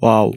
waaw